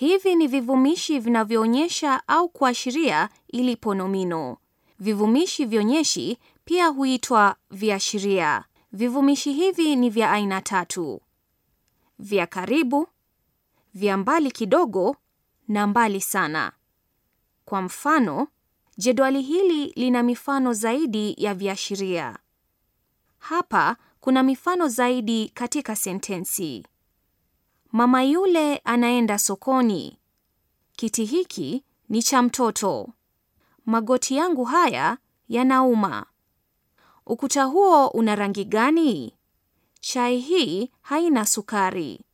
Hivi ni vivumishi vinavyoonyesha au kuashiria ilipo nomino. Vivumishi vionyeshi pia huitwa viashiria. Vivumishi hivi ni vya aina tatu: vya karibu, vya mbali kidogo na mbali sana. Kwa mfano, jedwali hili lina mifano zaidi ya viashiria. Hapa kuna mifano zaidi katika sentensi. Mama yule anaenda sokoni. Kiti hiki ni cha mtoto. Magoti yangu haya yanauma. Ukuta huo una rangi gani? Chai hii haina sukari.